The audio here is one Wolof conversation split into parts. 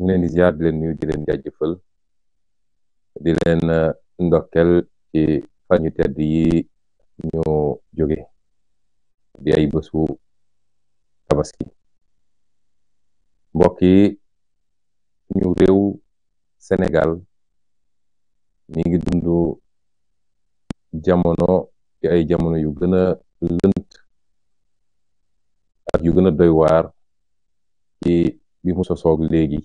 ñu leen di ziar leen nuyu di leen jaajëfal di leen eh, ndokkel ci fan yu yi ñu jóge di ay bésu tabaski mbokk yi ñu réew Sénégal mi ngi dund jamono ci ay jamono yu gën a lënt ak yu gën a doy ci bi mu sosoog léegi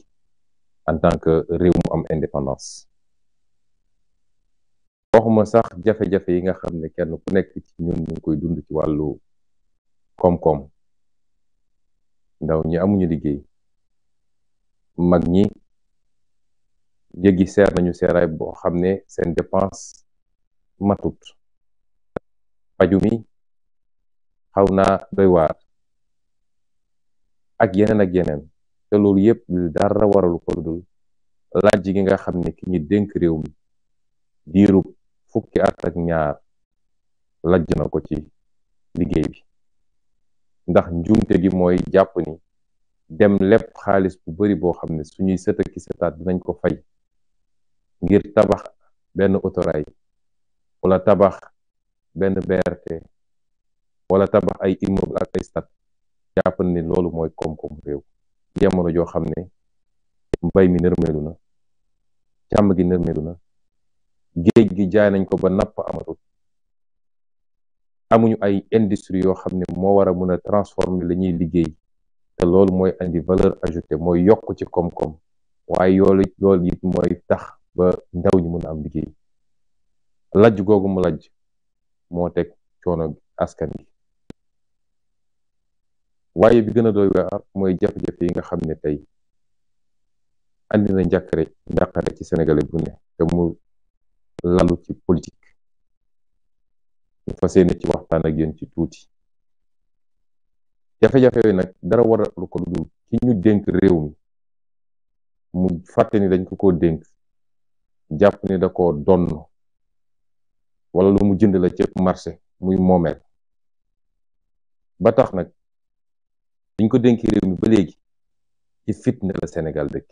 en tant que réew mu am indépendance waxuma sax jafe-jafe yi nga xam ne kenn ku nekk ci ñun ñu koy dund ci wàllu koom-koom ndaw ñi amuñu liggéey mag ñi jéggi seer nañu seeraay boo xam ne seen dépense matut paju mi xaw naa doy waar ak yeneen ak yeneen te loolu yëpp dara waralu ko dul laaj gi nga xam ne ki ñi dénk réew mi diiru fukki at ak ñaar lajj na ko ci liggéey bi ndax njuumte gi mooy jàpp ni dem lépp xaalis bu bari boo xam ne suñuy sët ak setaat dinañ ko fay ngir tabax benn autorail wala tabax benn BRT wala tabax ay immeuble ak ay stade jàpp ni loolu mooy koom-koom réew jamono joo xam ne mbay mi nërmeelu na càmm gi nërmeelu na géej gi jaay nañ ko ba napp amatul amuñu ay industrie yoo xam ne moo war a mën a transformer li ñuy liggéey te loolu mooy andi valeur ajoutée mooy yokk ci koom-koom waaye yoolu loolu mooy tax ba ndaw ñu mën a am liggéey lajj googu mu lajj moo teg coono askan gi waaye bi gën a doy mooy jafe-jafe yi nga xam ne tey andi na njàkkare njàqare ci sénégalais bu ne te mu lalu ci politique ñu fas yéene ci waxtaan ak yéen ci tuuti jafe-jafe nag dara waralu ko lu ki ñu dénk réew mi mu fàtte ni dañ ko koo dénk jàpp ni da koo donn wala lu mu jënd la cëpp marché muy moomeel ba tax nag dañ ko dénki réew mi ba léegi ci fitna la Sénégal dëkk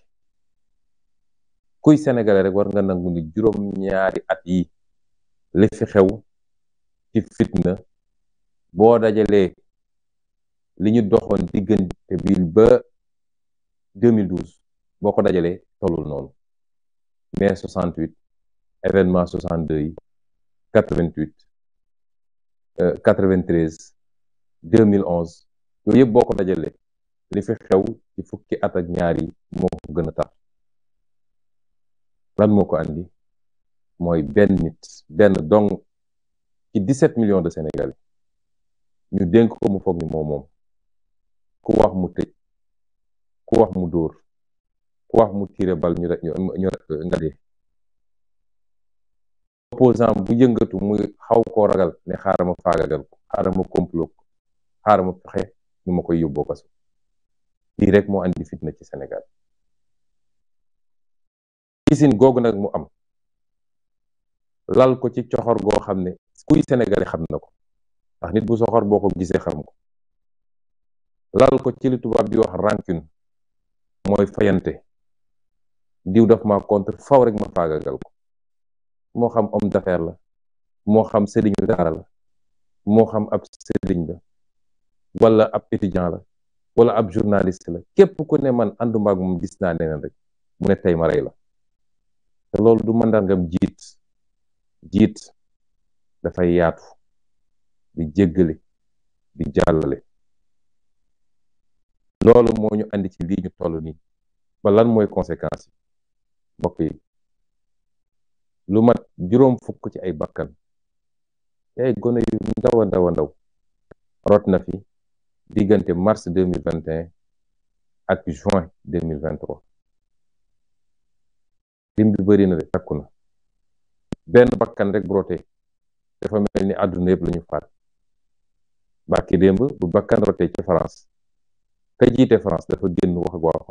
kuy sénégalais rek war nga nangu ni juróom-ñaari at yi li fi xew ci fitna boo dajalee li ñu doxoon diggante bi ba 2012 boo ko dajalee tollul noonu mai 68 événement 62 yi 88 93 2011 yooyu yëpp boo ko dajalee li fi xew ci fukki at ak ñaar moo ko gën a tar lan moo ko andi mooy benn nit benn dong ci 17 millions de Sénégalais ñu dénk ko mu foog ni moom moom ku wax mu tëj ku wax mu dóor ku wax mu tiire bal ñu ñu nga dee opposant bu yëngatu muy xaw koo ragal ne xaaral ma faagagal ko xaaral ma ñu ma koy yóbboo kaso lii rek moo andi fitna ci Sénégal gisin googu nag mu am lal ko ci coxor goo xam ne kuy sénégalais xam na ko ndax nit bu soxor boo ko gisee xam ko lal ko ci li tubaab di wax rancune mooy fayante diw daf ma contre faw rek ma faagagal ko moo xam homme d'affaires la moo xam sëriñu daara la moo xam ab sëriñ la wala ab étudiant la wala ab journaliste la képp ku ne man ànduma ak moom gis naa neneen rek mu ne tey ma la te loolu du mandargam jiit jiit dafay yaatu di jéggale di jàllale loolu moo ñu andi ci lii ñu toll nii ba mooy conséquence yi mbokk yi lu mat juróom fukk ci ay bakkan ci ay gone yu ndaw a ndaw a rot na fi diggante mars deux mille vingt et ak juin deux mille vingt lim bi bëri na de takku na benn bakkan rek broté dafa mel ni àdduna yëpp lañu ñu faat barki démb bu bakkan roté ci France ka jiite France dafa génn wax ak waa